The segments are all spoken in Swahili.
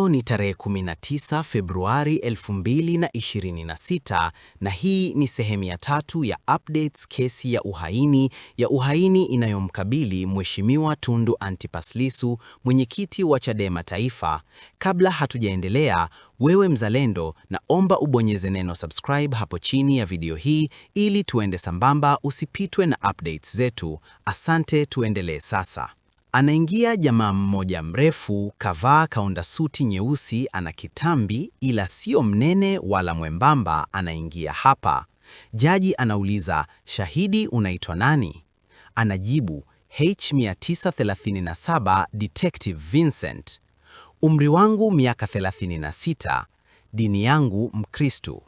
Leo ni tarehe 19 Februari 2026 na hii ni sehemu ya tatu ya updates kesi ya uhaini ya uhaini inayomkabili Mheshimiwa Tundu Antipas Lissu, mwenyekiti wa Chadema Taifa. Kabla hatujaendelea, wewe mzalendo, naomba ubonyeze neno subscribe hapo chini ya video hii ili tuende sambamba, usipitwe na updates zetu. Asante, tuendelee sasa. Anaingia jamaa mmoja mrefu, kavaa kaunda suti nyeusi, ana kitambi ila sio mnene wala mwembamba. Anaingia hapa. Jaji anauliza, shahidi unaitwa nani? Anajibu, H937 Detective Vincent. Umri wangu miaka 36, dini yangu Mkristo.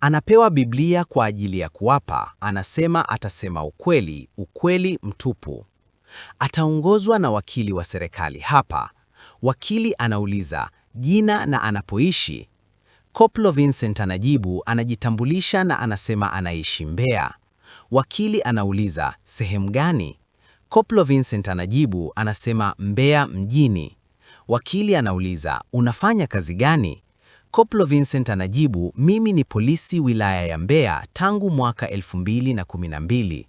Anapewa Biblia kwa ajili ya kuapa, anasema atasema ukweli, ukweli mtupu. Ataongozwa na wakili wa serikali hapa. Wakili anauliza jina na anapoishi. Koplo Vincent anajibu, anajitambulisha na anasema anaishi Mbeya. Wakili anauliza sehemu gani? Koplo Vincent anajibu, anasema Mbeya mjini. Wakili anauliza unafanya kazi gani? Koplo Vincent anajibu, mimi ni polisi wilaya ya Mbeya tangu mwaka 2012.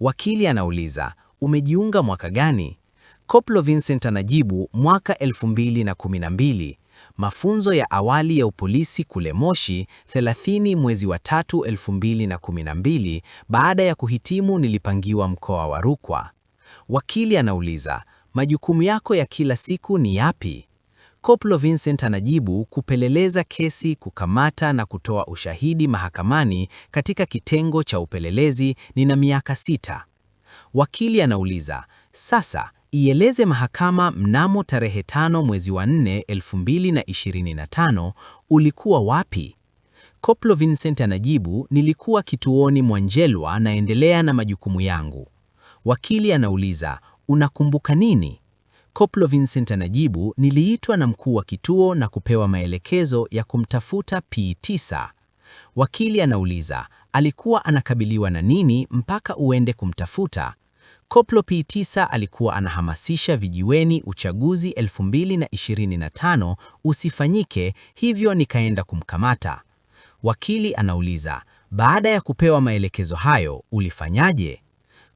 Wakili anauliza umejiunga mwaka gani? Koplo Vincent anajibu mwaka 2012, mafunzo ya awali ya upolisi kule Moshi 30 mwezi wa 3 2012. Baada ya kuhitimu nilipangiwa mkoa wa Rukwa. Wakili anauliza majukumu yako ya kila siku ni yapi? Koplo Vincent anajibu kupeleleza kesi, kukamata na kutoa ushahidi mahakamani katika kitengo cha upelelezi, nina miaka sita. Wakili anauliza, sasa ieleze mahakama mnamo tarehe tano mwezi wa 4 tano ulikuwa wapi? Koplo Vincent anajibu, nilikuwa kituoni Mwanjelwa naendelea na majukumu yangu. Wakili anauliza, unakumbuka nini? Koplo Vincent anajibu, niliitwa na mkuu wa kituo na kupewa maelekezo ya kumtafuta P9. Wakili anauliza, alikuwa anakabiliwa na nini mpaka uende kumtafuta? Koplo P9 alikuwa anahamasisha vijiweni uchaguzi 2025 usifanyike, hivyo nikaenda kumkamata. Wakili anauliza, baada ya kupewa maelekezo hayo ulifanyaje?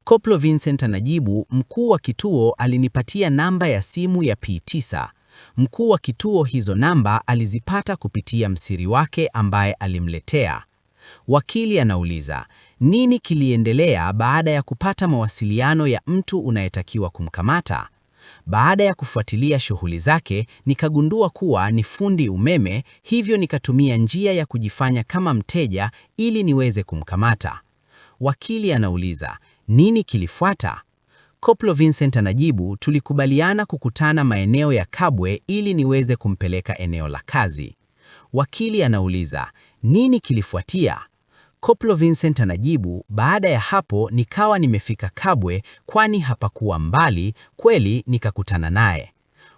Koplo Vincent anajibu, mkuu wa kituo alinipatia namba ya simu ya P9. Mkuu wa kituo hizo namba alizipata kupitia msiri wake ambaye alimletea. Wakili anauliza, nini kiliendelea baada ya kupata mawasiliano ya mtu unayetakiwa kumkamata? Baada ya kufuatilia shughuli zake, nikagundua kuwa ni fundi umeme, hivyo nikatumia njia ya kujifanya kama mteja ili niweze kumkamata. Wakili anauliza, nini kilifuata? Koplo Vincent anajibu, tulikubaliana kukutana maeneo ya Kabwe ili niweze kumpeleka eneo la kazi. Wakili anauliza, nini kilifuatia? Koplo Vincent anajibu, baada ya hapo nikawa nimefika Kabwe, kwani hapakuwa mbali, kweli nikakutana naye.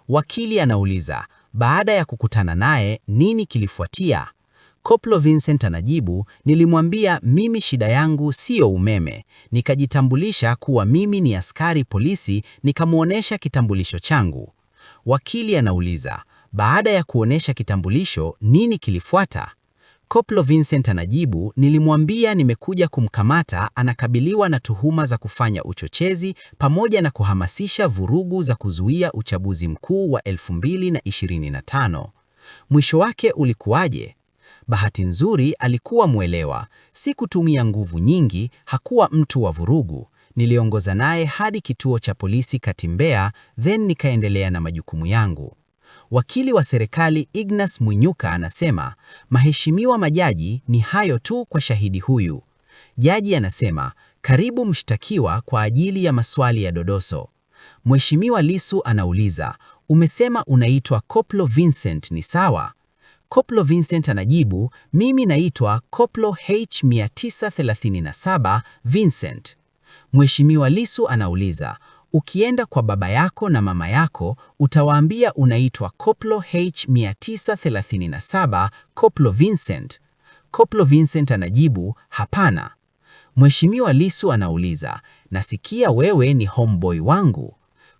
Wakili anauliza, baada ya kukutana naye nini kilifuatia? Koplo Vincent anajibu, nilimwambia mimi shida yangu siyo umeme. Nikajitambulisha kuwa mimi ni askari polisi, nikamwonyesha kitambulisho changu. Wakili anauliza, baada ya kuonyesha kitambulisho nini kilifuata? Koplo Vincent anajibu, nilimwambia nimekuja kumkamata, anakabiliwa na tuhuma za kufanya uchochezi pamoja na kuhamasisha vurugu za kuzuia uchaguzi mkuu wa 2025. Mwisho wake ulikuwaje? Bahati nzuri alikuwa mwelewa, sikutumia nguvu nyingi, hakuwa mtu wa vurugu. Niliongoza naye hadi kituo cha polisi Kati then nikaendelea na majukumu yangu. Wakili wa serikali Ignas Mwinyuka anasema, maheshimiwa majaji, ni hayo tu kwa shahidi huyu. Jaji anasema, karibu mshtakiwa kwa ajili ya maswali ya dodoso. Mheshimiwa lisu anauliza, umesema unaitwa Koplo Vincent ni sawa? Koplo Vincent anajibu, mimi naitwa Koplo H937 Vincent. Mheshimiwa lisu anauliza, Ukienda kwa baba yako na mama yako utawaambia unaitwa Koplo H 937 Koplo Vincent. Koplo Vincent anajibu hapana. Mheshimiwa lisu anauliza, nasikia wewe ni homeboy wangu.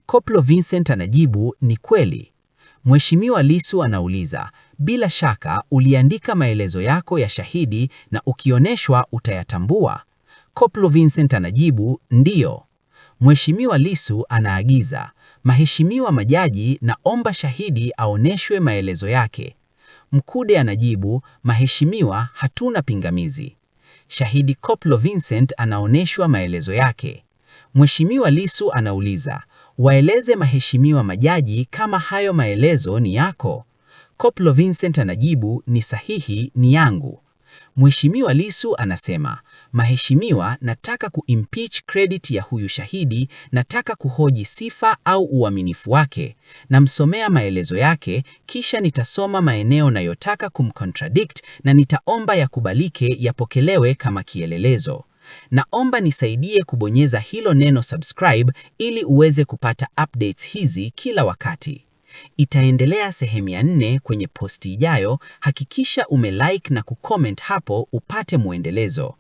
Koplo Vincent anajibu ni kweli. Mheshimiwa lisu anauliza, bila shaka uliandika maelezo yako ya shahidi na ukioneshwa utayatambua. Koplo Vincent anajibu ndiyo. Mheshimiwa Lissu anaagiza, Maheshimiwa majaji naomba shahidi aoneshwe maelezo yake. Mkude anajibu, Maheshimiwa hatuna pingamizi. Shahidi Koplo Vincent anaoneshwa maelezo yake. Mheshimiwa Lissu anauliza, waeleze maheshimiwa majaji kama hayo maelezo ni yako. Koplo Vincent anajibu, ni sahihi, ni yangu. Mheshimiwa Lissu anasema, Maheshimiwa, nataka kuimpeach credit ya huyu shahidi, nataka kuhoji sifa au uaminifu wake. Namsomea maelezo yake, kisha nitasoma maeneo nayotaka kumcontradict na nitaomba yakubalike, yapokelewe kama kielelezo. Naomba nisaidie kubonyeza hilo neno subscribe ili uweze kupata updates hizi kila wakati. Itaendelea sehemu ya nne kwenye posti ijayo. Hakikisha umelike na kucomment hapo upate muendelezo.